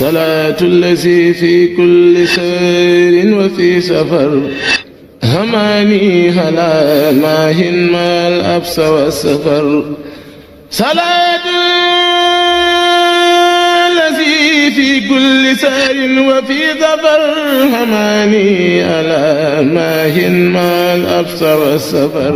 salaatu allazi fi kulli sayrin wa fi safar hamaani halaa maahin maal absa wa safar salaatu allazi fi kulli sayrin wa fi safar hamaani halaa maahin maal absa wa safar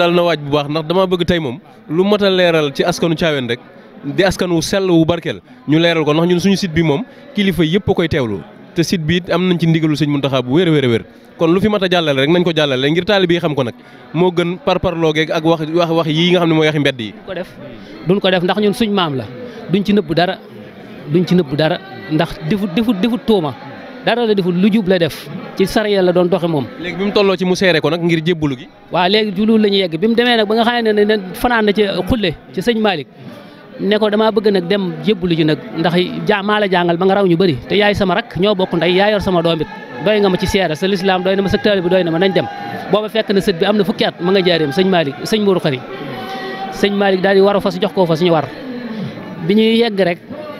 dal na waaj bu baax ndax dama bëgg tey moom lu mat a leeral ci askanu caaween rek di askan wu sell wu barkeel ñu leeral ko ndax ñun suñu site bi moom kilifa yëpp a koy teewlu te site bi it am nañ ci ndigalu sëñ Muntaxa bu wér a wér a wér kon lu fi mat jàllale rek nañ ko jàllale ngir taalibe xam ko nag moo gën parparloogeeg ak wax wax wax yii nga xam ne mooy waxi mbedd yi. ko def duñ ko def ndax ñun suñ maam la duñ ci nëbbu dara duñ ci nëbbu dara ndax defut defut defut tuuma dara la defut lu jub la def ci sariya la doon doxe moom. léegi bi mu tolloo ci mu seere ko gi. waaw léegi ci loolu la ñuy ba nga xam ne ne fanaan ne ko damaa bëgg nag dem jébbalu ji nag ndax ja maa ba nga raw ñu bëri te yaay sama rak ñoo bokk ndey yaa yor sama doomit doy nga ma ci seere sa lislaam doy na ma secteur bi doy na ma nañ dem booba fekk na sët bi am na fukki at ma nga jaareem sëñ Malick sëñ Mourou Khari sëñ Malick daal di waru fas jox koo fas ñu war bi ñuy yegg rek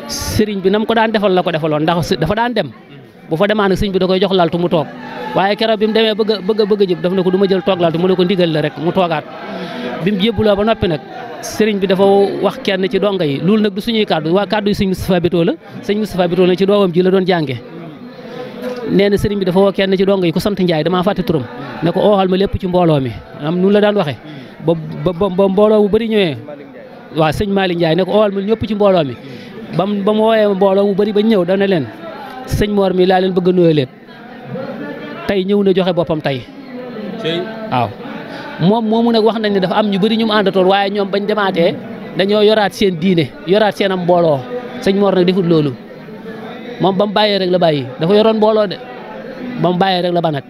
sëriñ bi nam ko daan defal la ko defaloon ndax dafa daan dem bu fa demaan nag sëñ bi da koy jox laltu mu toog waaye keroog a a jëb daf ma jël toog laltu mu ne ko ndigal la sëriñ bi dafa wax kenn ci donga yi loolu nag du suñuy kàddu waa kàddu yi sëñ Moustapha Bitol la sëñ Moustapha Bitol la ci doomam ji la doon jànge nee na sëriñ bi dafa woo kenn ci donga yi ku sant Njaay damaa fàtte turam ne ko ooxal ma lépp ci mbooloo mi am nu la daan waxee ba ba mbooloo bu bari ñëwee waaw sëñ Malick Ndiaye ne ko ooxal ma ñëpp ci mbooloo mi ba mu ba mu wooyee mbooloo bu bëri ba ñëw dana leen sëñ Mor mi laa leen bëgg a nuyoo lépp tey ñëw na joxe boppam tey moom moomu nag wax nañ ne dafa am ñu bari ñu mu àndatoon waaye ñoom bañ demaatee dañoo yoraat seen diine yoraat seen am mbooloo sëñ Mor nag defut loolu moom ba mu bàyyee rek la bàyyi dafa yoroon mbooloo de ba mu bàyyee rek la ba nag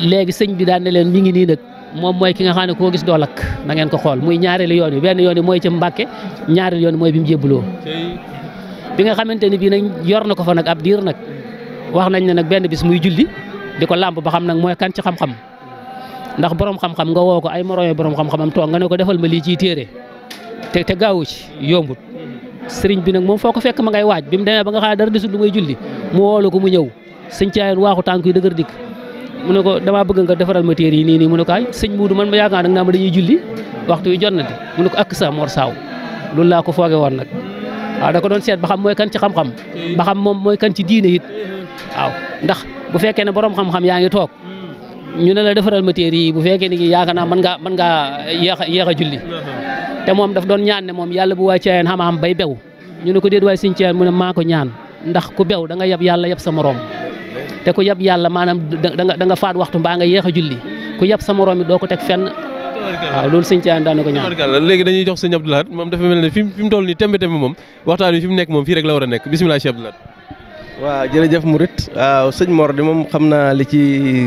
léegi sëñ bi daan ne leen mi ngi nii nag moom mooy ki nga xam ne koo gis doo lakk na ngeen ko xool muy ñaareelu yoon yi benn yoon yi mooy ci Mbàkke ñaareelu yoon mooy bi mu jébbuloo bi nga xamante ni bii nag yor na ko fa nag ab diir nag wax nañ ne nag benn bis muy julli di ko xam nag mooy ci xam ndax borom xam-xam nga woo ko ay moroomee borom xam-xamam toog nga ne ko defal ma lii ciy téere te te gaawu ci yombut sëriñ bi nag moom foo ko fekk ma ngay waaj bi mu demee ba nga xam dara desul lu julli mu woolu ko mu ñëw sëñ caayoon waaxu tànk yi dëgër dikk mu ne ko damaa bëgg nga defaral ma téere yi nii nii mu ne ko ay sëñ muudu man ma yaakaar nag naa ma dañuy julli waxtu yu jot na di mu ne ko ak sa mor saaw loolu laa ko fooge woon nag waaw da ko doon seet ba xam mooy kan ci xam-xam ba xam moom mooy kan ci diine it waaw ndax bu fekkee ne borom xam ñu ne la defaral ma téere yi bu fekkee ni yaakaar naa mën ngaa mën a yéex a julli te moom daf doon ñaan ne moom yàlla bu waa caayeen xam bay bew ñu ne ko déet waay suñ caayeen mu ne maa ñaan ndax ku bew da nga yab yàlla yab sa morom te ku yab yàlla maanaam da nga da nga faat waxtu mbaa nga yéex a julli ku yab sa morom yi doo ko teg fenn waaw loolu sëñ ñaan léegi dañuy jox sëñ Abdoulaye moom dafa mel ne fi mu toll nii tembe tembe moom waxtaan wi waaw jërëjëf Murit waaw sëñ Mor di moom xam naa li ci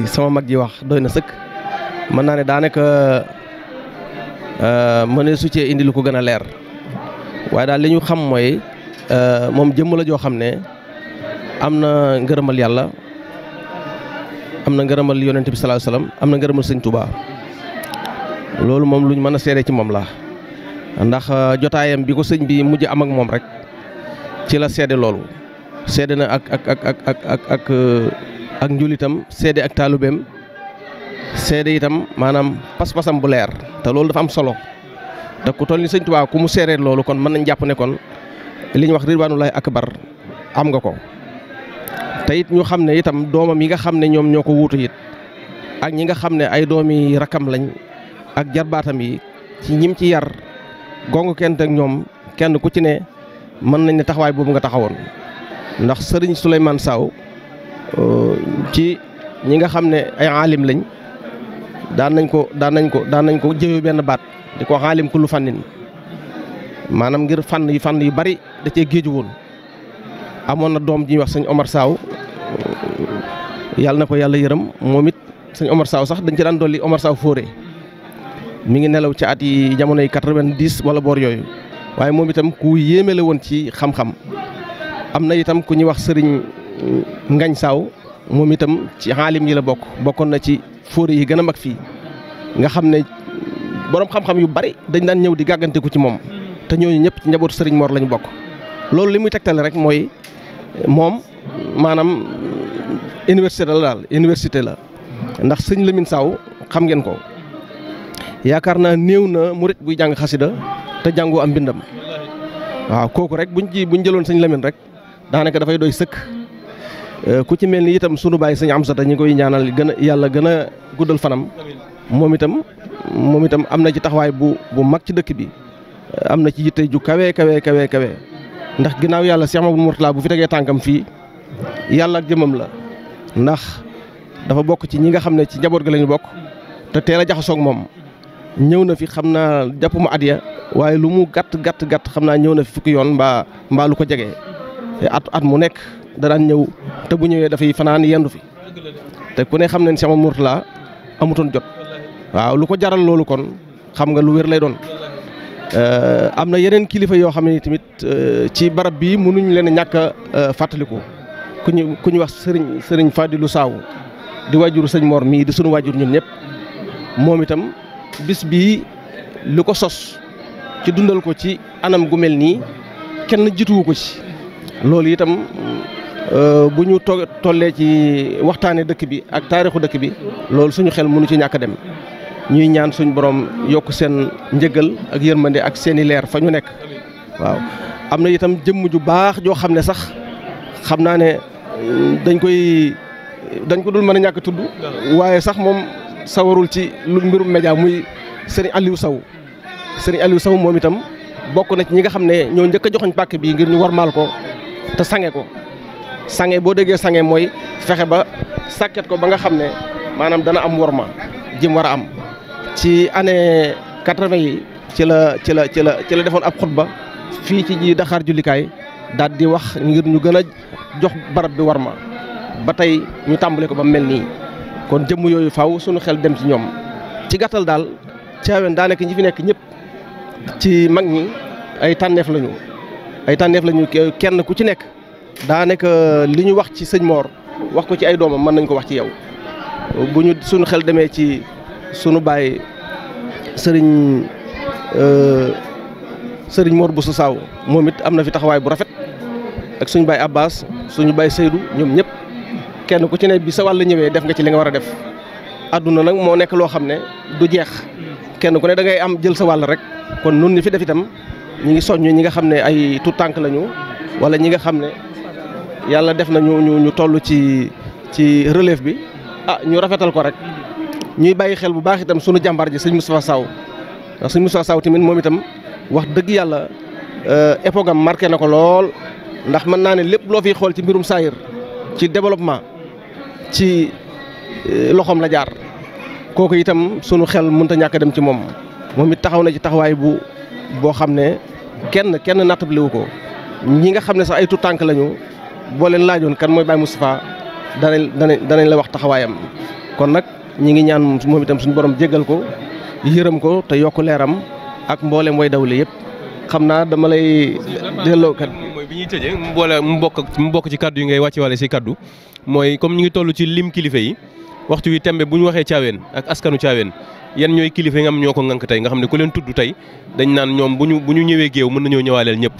sama mag ji wax doy na sëkk mën naa ne daanaka euh, mën ne su cee indi lu ko gën a leer waaye daal li ñu xam mooy euh, moom jëmm la joo xam ne am na ngërëmal yàlla am na ngërëmal yonent bi sallallahu alayhi wasallam am na ngërëmal sëñ Touba loolu moom lu mën a seede ci moom la ndax euh, jotaayam bi ko sëñ bi mujj am ak moom rek ci la seede loolu. seede na ak ak ak ak ak ak ak njulitam seede ak taalubeem seede itam maanaam pas-pasam bu leer te loolu dafa am solo te ku toll ni sëñ Tuubaa ku mu seeree loolu kon mën nañ jàpp ne kon li ñu lay ak bar am nga ko te it ñu xam ne itam doomam yi nga xam ne ñoom ñoo ko wuutu it ak ñi nga xam ne ay doomi rakam lañ ak jarbaatam yi ci ñim ci yar gongu kenn ak ñoom kenn ku ci ne mën nañ ne taxawaay boobu nga taxawoon ndax sëriñ Souleymane Sow euh, ci ñi nga xam ne ay aalim lañ daan nañ ko daan nañ ko daan nañ ko jëwe benn baat di ko aalim ku lu fànnin maanaam ngir fànn yu fànn yu bari da cee géeju woon amoon na doom ji ñuy wax sëñ Omar Sow yàlla na ko yàlla yërëm moom it sëñ Omar Sow sax dañ ci daan dolli Omar Sow fóore mi ngi nelaw ci at yi jamonoy quatre-vingt-dix wala boor yooyu waaye moom itam yéeme la woon ci xam-xam am na itam ku ñuy wax sëriñ euh, Ngañ Saaw moom itam ci xaalim yi la bokk bokkoon na ci fóori yi gën a mag fii nga xam ne boroom xam-xam yu bari dañ daan ñëw di gàggante gàgganteku ci moom te ñooñu ñëpp ci njabootu sëriñ moor lañu bokk loolu li muy tegtale rek mooy moom maanaam université la daal université la ndax sëñ Lamine Saaw xam ngeen ko yaakaar naa néew na murit buy jàng xasida te jàngoo am mbindam waaw kooku rek buñ ci buñ jëloon sëñ Lamine rek daanaka dafay doy sëkk euh, ku ci mel ni itam sunu baay sëñ Amsata ñi koy ñaanal gën a yàlla gën a guddal fanam moom itam moom itam am na ci taxawaay bu bu mag ci dëkk bi am na ci yitte ju kawee kawe kawe kawe ndax ginnaaw yàlla Cheikh Mamadou Mourtala bu fi tegee tànkam fii yàlla ak la ndax dafa bokk ci ñi nga xam ne ci njaboot gi lañu bokk te teel a jaxasoog moom ñëw na fi xam naa jàppuma at ya waaye lu mu gàtt gàtt gàtt xam naa ñëw na fi fukki yoon mbaa mbaa lu ko jege at at mu nekk danaan ñëw te bu ñëwee dafay fanaan yendu fi te ku ne xam nañ sama Mourtala amutoon jot waaw lu ko jaral loolu xam nga lu wér lay doon. Euh, am na yeneen kilifa yoo xam ne tamit euh, ci barab bii mënuñ leen a ñàkk a euh, fàttaliku ku ñu ku ñu wax sëriñ sëriñ lu Saaw di waajuru sëñ Mor mii di sunu waajur ñun ñëpp moom itam bis bii lu ko sos ci dundal ko ci anam gu mel nii kenn jituwu ko ci. loolu itam euh, bu ñu to tollee ci waxtaanee dëkk bi ak taarixu dëkk bi loolu suñu xel mënu ci ñàkk a dem ñuy ñaan suñu borom yokk seen njëgal ak yërmande ak seeni leer fa ñu nekk waaw. am na itam jëmm ju baax joo xam ne sax xam naa ne euh, dañ koy dañ ko dul mën a ñàkk tudd waaye sax moom sawarul ci lu mbirum média muy sëriñ Aliou Sow sëriñ Aliou saw moom itam bokk na ci ñi nga xam ne ñoo njëkk a joxoñ pàkk bi ngir ñu warmaal ko. te sange ko sange boo déggee sange mooy fexe ba sàkket ko ba nga xam ne maanaam dana am worma jim war a am ci année quatre yi ci la ci la ci la ci la defoon ab ba fii ci ji Dakar jullikaay daal di wax ngir ñu gën a jox barab bi war ma ba tey ñu tàmbale ko ba mel nii kon jëmm yooyu faw sunu xel dem ci ñoom ci gàttal daal Tivaouane daanaka ñi fi nekk ñëpp ci mag ñi ay tànneef lañu ay tànneef lañu kenn ku ci nekk daanaka li ñu wax ci sëñ Mor wax ko ci ay doomam mën nañ ko wax ci yow bu ñu suñu xel demee ci sunu baay sëriñ euh, sëriñ Mor Bousso Sow moom it am na fi taxawaay bu rafet ak suñu baay Abbas suñu baay Seydou ñoom ñëpp kenn ku ci nekk bi sa wàll ñëwee def nga ci li nga war a def àdduna nag moo nekk loo xam ne du jeex kenn ku ne da ngay am jël sa wàll rek kon nun ni fi def itam ñu ngi soññ ñi nga xam ne ay tout tànk lañu wala ñi nga xam ne yàlla def na ñu ñu ñu toll ci ci relève bi ah ñu rafetal ko rek ñuy bàyyi xel bu baax itam sunu jàmbaar ji sëñ Moustapha Saw ndax sëñ Moustapha Saw tamit moom itam wax dëgg yàlla euh, époque am marqué na ko lool ndax mën naa ne lépp loo fiy xool ci mbirum saayir ci développement ci euh, loxoom la jaar kooku itam sunu xel mënta ñàkk dem ci moom moom it taxaw na ci taxawaay bu boo xam ne kenn kenn nattable wu ko ñi nga xam ne sax aytu tànk lañu boo leen laajoon kan mooy Baye Moustapha danañ danañ danañ la wax taxawaayam kon nag ñi ngi ñaan moom itam suñu borom jéggal ko yërëm ko te yokk leeram ak mboolem way dawle yëpp xam naa dama lay delloo kat mooy bi ñuy tëjee mu boole mu ci kàddu yi ngay wàcce wale si kàddu mooy comme ñu ngi toll ci lim kilifa yi waxtu wi tembe bu ñu waxee caaween ak askanu caaween yan ñooy kilifa yi nga xam ñoo ko ŋànk tey nga xam ne ku leen tudd tey dañ naan ñoom bu ñu bu ñu ñëwee géew mën nañoo ñëwaaleel ñëpp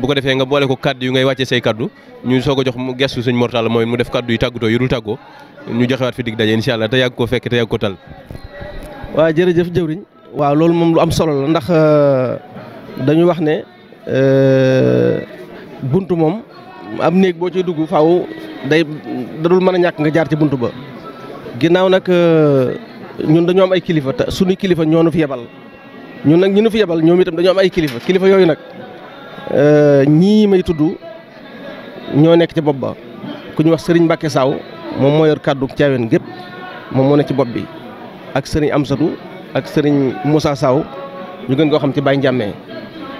bu ko defee nga boole ko kaddu yu ngay wàcce say kaddu ñu soo a jox mu gestu sëñ Mortalla mooy mu def kaddu yu tàggatoo yu dul tàggoo ñu joxewaat fi dig daje incha allah te yàgg ko fekk te yàgg ko tal. waaw jërëjëf jëwriñ waaw loolu moom lu am solo la ndax euh, dañu wax ne euh, bunt moom am néeg boo ciy dugg faw day dadul mën a ñàkk nga jaar ci bunt ba nag euh, ñun dañoo am ay kilifa te suñu kilifa ñoo nu fi yebal ñun nag ñu nu fi yebal ñoom itam dañoo am ay kilifa kilifa yooyu nag euh, ñii may tuddu ñoo nekk ci bopp ba ku ñu wax sëriñ Mbacke Saw moom moo yor kàddu caaween gépp moom moo ne ci bopp bi ak sëriñ Amsatu ak sëriñ Moussa Saw ñu gën koo xam ci Baye Ndiamé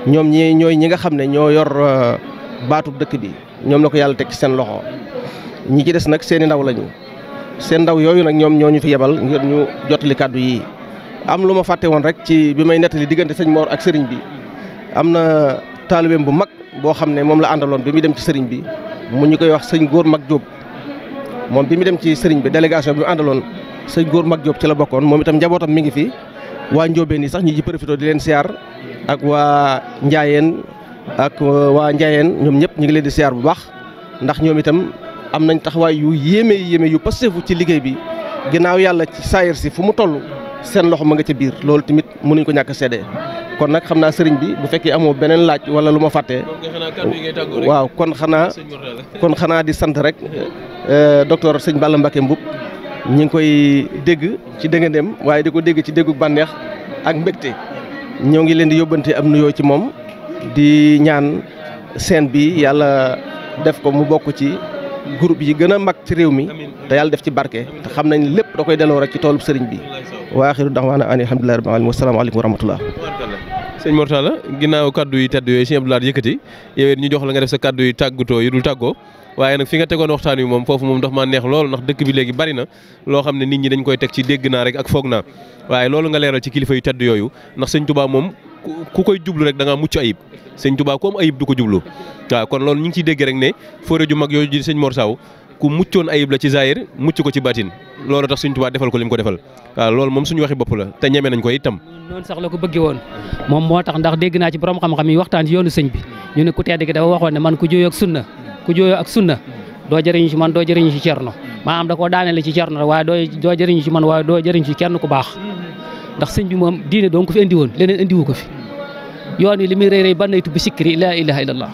ñoom ñi ñooy ñi nga xam ne ñoo yor euh, baatu dëkk bi ñoom la ko yàlla teg ci seen loxo ñi ci des nag seeni ndaw lañu seen ndaw yooyu nag ñoom ñoo ñu fi yebal ngir ñu jottali kàddu yi am lu ma fàtte woon rek ci bi may nettali diggante sëñ moor ak sëriñ bi am na taalibeem bu mag boo xam ne moom la àndaloon bi muy dem ci sëriñ bi mu ñu koy wax sëñ góor mag jóob moom bi mu dem ci sëriñ bi délégation bi mu àndaloon sëñ góor mag Diop ci la bokkoon moom itam njabootam mi ngi fi waa Ndiobène yi sax ñi ji profité di leen siyaar ak waa Ndiayeen ak waa Ndiayeen ñoom ñëpp ñu ngi leen di siyaar bu baax ndax itam am nañ taxawaay yu yéeme yéeme yu pastefu ci liggéey bi ginnaaw yàlla ci saayir si fu mu toll seen loxo ma nga ca biir loolu tamit mënuñ ko ñàkk a seede kon nag xam naa sëriñ bi bu fekkee amoo beneen laaj wala lu ma fàttee waaw kon xanaa kon xanaa di sant rek euh, docteur sëñ Balla Mbacké Mboup ñi ngi koy dégg ci dëngandem waaye di ko dégg ci déggu bànneex ak mbégte ñoo ngi leen di yóbbante am nuyoo ci moom di ñaan seen bi yàlla def ko mu bokk ci groupe yi gën a mag ci réew mi te yàlla def ci barke te xam nañ lépp da koy delloo rek ci toolub sëriñ bi waa aaxiru da'waanaa ani alhamdulillahi rabbil aalamiin wa salaamu aleykum wa la ginnaaw kaddu yi tedd yooyu sëñ Abdou Lahad yëkkati ñu jox la nga def sa kaddu yi tàggatoo yi dul tàggoo waaye nag fi nga tegoon waxtaan wi moom foofu moom dafa maa neex lool ndax dëkk bi léegi bari na loo xam ne nit ñi dañ koy teg ci dégg naa rek ak foog naa waaye loolu nga leeral ci kilifa yu tedd yooyu ndax sëñ Tuubaa moom ku koy jublu rek da ngaa mucc ayib sëñ Touba ku ayib du ko jublu waaw kon loolu ñu ngi dégg rek ne forêt ju mag yooyu di sëñ Mor ku muccoon ayib la ci zaahir mucc ko ci baatin loolu tax sëñ Touba defal ko li mu ko defal waaw loolu moom suñu waxi bopp la te ñeme nañ ko itam. noonu sax la ko bëggee woon moom moo tax ndax dégg naa ci borom xam-xam yi waxtaan ci yoonu sëñ bi ñu ne ku tedd gi dafa waxoon ne man ku jooyoo ak sunna ku jooyoo ak sunna da koo daanele ci cerno waaye doo doo jëriñu ci man waaye doo ndax sëñ bi moom diine doon ko fi indi woon leneen indi wu ko fi yoon yi li muy rey rey bannaytu bi sikkiri laa ilaha illallah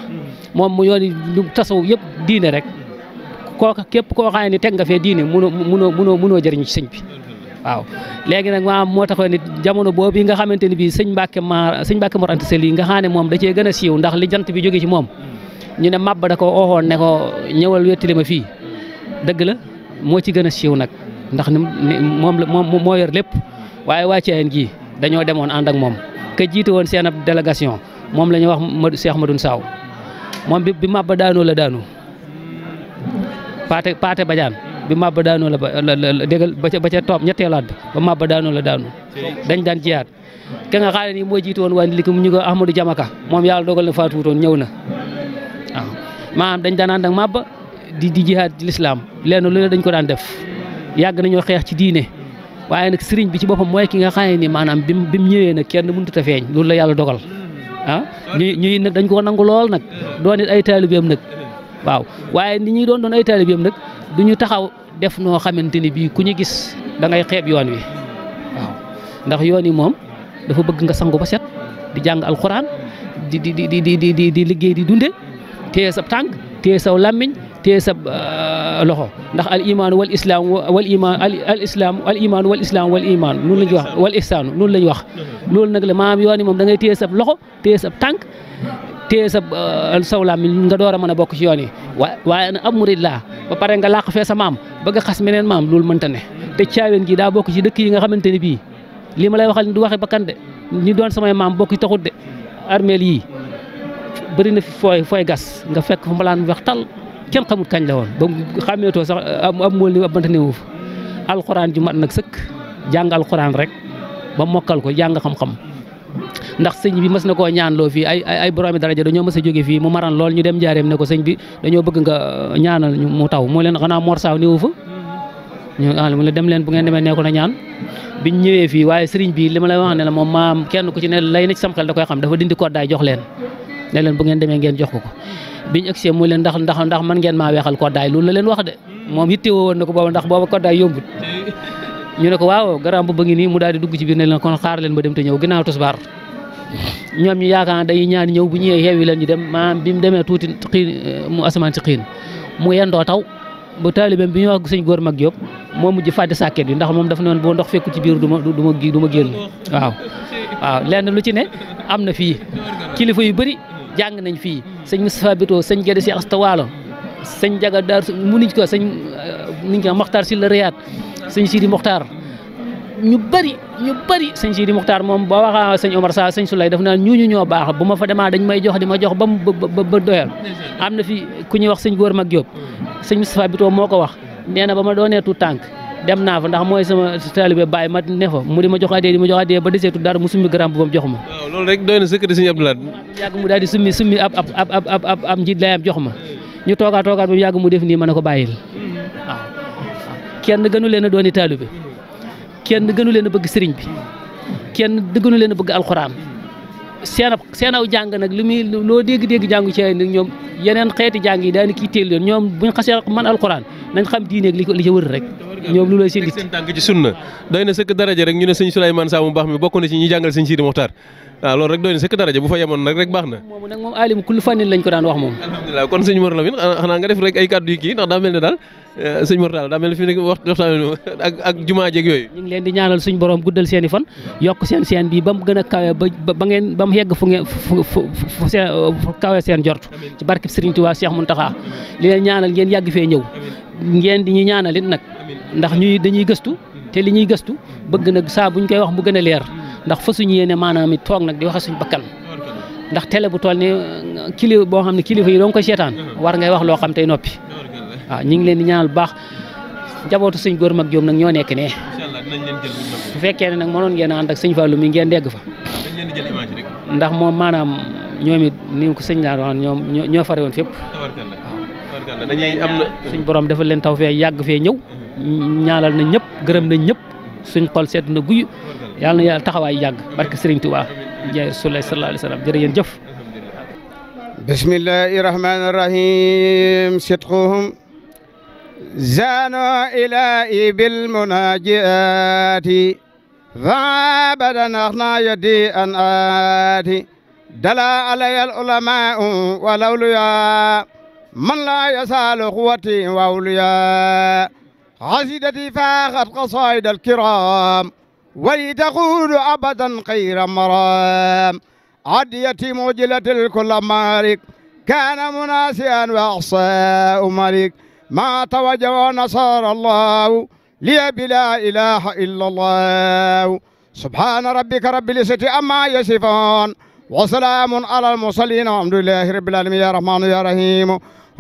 moom mu yoon yi lu tasaw yëpp diine rek kooka képp koo xam ni teg nga fee diine munoo munoo munoo munoo jëriñu ci sëñ bi waaw léegi nag maanaam moo taxoon ne jamono boobu yi nga xamante ne bii sëñ Mbàkke ma sëñ Mbàkke Mor Anta Sali nga xam ne moom da cee gën a siiw ndax li jant bi jóge ci moom ñu ne mabba da ko ooxoon ne ko ñëwal wettali ma fii dëgg la moo ci gën a siiw nag ndax moom moom moo yor lépp waaye waa Thiayène gi dañoo demoon ànd ak moom ka jiite woon seen ab délégation moom la ñuy wax ma Madoune Saw moom bi bi Maba daanoo la daanu Paate Paate Badiane bi Maba daanoo la dégal ba ca ba ca topp ñetteelaat bi ba daanoo la daanu dañ daan jiyaat ka nga xam nii moo jiite woon waa Ndiliki mu ñu ko Ahmadou Jamaka moom yàlla dogal na faatuwutoon ñëw na waaw maanaam dañ daan ànd ak Maba di di jihaat lislaam lenn lu ne dañ ko daan def yàgg nañoo xeex ci diine waaye nag sëriñ bi ci boppam mooy ki nga xam ne ni maanaam bi bi mu ñëwee nag kenn muntu te feeñ loolu la yàlla dogal ah ñuy ñuy nag dañ ko nangu lool nag doon it ay taalibeem nag waaw waaye ni ñuy doon doon ay taalibeem nag du ñu taxaw def noo xamante ni bii ku ñu gis da ngay xeeb yoon wi ndax yoon yi moom dafa bëgg nga sangu ba set di jàng alxuraan di di di di di di liggéey di dunde téye sa tànk téye saw làmmiñ téye sa euh, loxo ndax al imaanu wal islaam wal imaan al islaam al imaanu wal islaam wal imaan noonu la ñuy wax wal ihsaanu noonu la ñuy wax loolu nag la maanaam yoon moom da ngay téye sa loxo téye sa tànk téye sa euh, sawlaam nga door a mën a bokk ci yoon yi waa waaye na amurillaa ba pare nga làq fee sa maam bëgg a xas meneen maam loolu mënta ne te caaween gi daa bokk ci dëkk yi nga xamante ne bii li ma lay waxal ni du waxe bakkan de ñi doon samay maam bokk ci taxut de armeel yii bëri fooy gas nga fekk fa mbalaan weex kenn xamut kañ la woon ba xàmmeetoo sax am am mool ni ab banta néewu fa alxuraan ju mat nag sëkk jàng alxuraan rek ba mokkal ko jàng xam-xam ndax sëñ bi mës na koo ñaanloo fii ay ay dañoo mës a jóge fii mu maran lool ñu dem jaareem ne ko sëñ bi dañoo bëgg nga uh, ñaanal mu taw moo leen xanaa Mor Saaw néewu fa ñu ah mu ne dem leen bu ngeen demee nekkoon a ñaan biñ ñëwee fii waaye sëriñ bi li ma lay wax ne la moom maam kenn ku ci ne lay na ci sam da koy xam dafa dindi daay jox leen ne leen bu ngeen demee ngeen jox ko ko biñu agsee mu leen ndax ndax ndax man ngeen maa weexal koddaay loolu la leen wax de moom yitte woo na ko booba ndax booba koddaay yombut ñu ne ko waaw garaam bu ngi nii mu daal di dugg ci biir ne leen kon xaar leen ba dem te ñëw ginnaaw tisbaar ñoom ñu yaakaar dañuy ñaan ñëw bu ñëwee yeewi leen ñu dem maanaam bi mu demee tuuti xiin eh, mu asamaan si xiin mu yendoo taw bu taalibeem bi ñu wax sëñ góor mag yëpp moo mujj fàddi sàkket yi ndax moom dafa ne woon boo ndox fekku ci biir du ma du ma du ma génn waaw waaw lenn lu ci ne am na fii kilifa yu bëri jàng nañ fii sëñ Moustapha Bito sëñ Gédé si Astawaalo sëñ Jaga Daar munuñ ko sëñ euh, nuñ ko Mokhtar si la Riyaat sëñ Sidi Mokhtar ñu bëri ñu bëri sëñ Sidi Mokhtar moom boo waxaa sëñ Omar Sa sëñ Soulay daf naa ñu ñoo baax bu ma fa demaa dañ may jox di ma jox ba mu ba doyal am na fi ku ñuy wax sëñ Góor Mag Diop sëñ Moustapha Bito moo ko wax nee na ba ma doonee tu tànk dem naa fa ndax mooy sama taalibe Baye ma ne fa mu di ma jox addiya di ma jox addiya ba deseetu dara mu summi grand boubam jox ma. loolu rek doy na secret Serigne Abdou Lahad. yàgg mu daal di summi summi ab ab ab ab ab njiit layam jox ma ñu toogaat toogaat ba mu yàgg mu def nii man a ko bàyyil waaw kenn gënu leen a dooni taalibe kenn gënu leen a bëgg sëriñ bi kenn gënu leen a bëgg alxuraan seen seen aw jàng nag li muy loo dégg-dégg jàngu ci ay nag ñoom yeneen xeeti jàng yi daan kii téel leen ñoom buñ xasee man alxuraan nañ xam diineeg li ko li ca wër rek ñoom lu lay seen seen tànk ci sunna doy na sëkk daraja rek ñu ne sëñ Souleymane Sa mu baax mi bokk ci ñi jàngal sëñ Sidi Moxtaar waaw loolu rek doy na sëkk daraja bu fa yemoon nag rek baax na moom nag moom alim kullu fànnin lañ ko daan wax moom alhamdulilah kon sëñ Mor xanaa nga def rek ay kàddu yi kii ndax daa mel ne daal eh, sëñ Mor daa mel ne fi nekk waxtaan ak jumaa jeeg yooyu ñu leen di ñaanal suñ borom guddal seen fan yokk seen seen bi ba mu gën a kawe ba ba ngeen ba mu yegg fu ngeen fu seen kawe seen ci barkib Sëriñ Tuubaa Cheikh Muntaxa ngeen di ñu ñaanal it nag ndax ñuy dañuy gëstu te li ñuy gëstu bëgg nag saa buñ koy wax mu gën a leer ndax fasuñu yéene maanaam it toog nag di waxe suñ bakkan ndax tele bu toll ne uh, kili boo xam ne kilifa yi doon koy seetaan war ngay wax loo xam tey noppi waaw ñu ngi leen di ñaanal bu baax jabootu sëñ góor mag joom nag ñoo nekk ne su fekkee ne nag mënoon ngeen a ànd ak sëñ Fallou mi ngeen dégg fa ndax moom maanaam ñoom it ni ko laa waxoon ñoo fare woon tubarkàlla dañuy am na suñ borom dafa leen taw fee yàgg fee ñëw ñaanal na ñëpp gërëm na ñëpp suñ xol seet na guyu yàlla na yàlla taxawaay yàgg barke Sëriñ Tuubaa jaay Rasulullah sallallahu alayhi wa sallam jërë ngeen jëf bismillahi rahmani rahim sidquhum زانوا إلهي بالمناجات فعابدا أخنا يدي أن آتي دلا علي العلماء ولوليا من لا يزال قوتي وأولياء قصيدتي فاخت قصائد الكرام ولتقول أبدا خير مرام عديتي موجلة الكل مارك كان مناسيا وأحصاء ملك ما توجه ونصر الله لي بلا إله إلا الله سبحان ربك رب العزة أما يصفون وسلام على المرسلين والحمد لله رب العالمين يا رحمن يا رحيم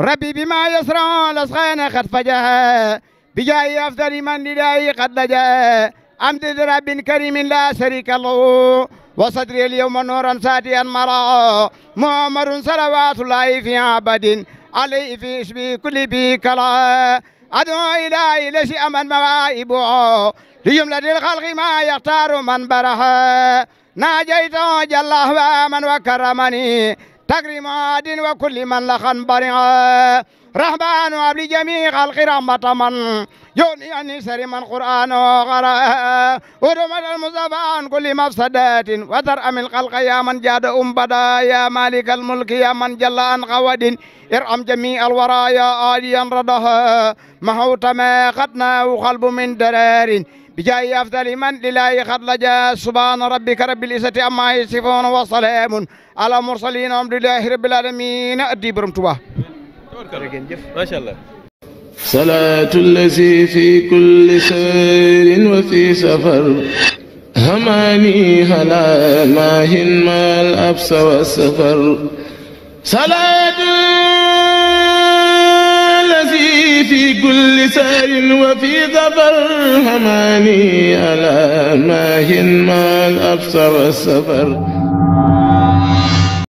ربي بما يسرى الأسخين قد فجاه بجاه أفضل من لله قد لجاه أمد رب كريم لا شريك له وصدري اليوم نورا ساتيا مرا مؤمر صلوات الله في عبد عليه في اسمه كل بي كلا أدعو إلهي لشيء من موائبه ليملة الخلق ما يختار من برها ناجيت جله ومن وكرمني تكريم عاد وكل من لخن برها رحمن وابل جميع خلق رحمة من يوني أني سري من قرآن وغراء ورمت المصطفى عن كل مفسدات وترأم الخلق يا من جاد أم بدا يا مالك الملك يا من جل عن غود ارحم جميع الورى يا آليا ردها محوت ما قدنا وقلب من درار bijaayi afdali man lilaahi xad laja subhaana rabbika rabbil izzati ammaa yasifuun wa salaamun ala mursaliin alhamdulillahi rabbil aalamiin addi borom Tuubaa macha allah salaatu llazi fi kulli sayrin wa fi safar hamaani halaa maahin maal absa wa safar salaatu في كل سير وفي ظفر هماني على ماهن ما أبصر السفر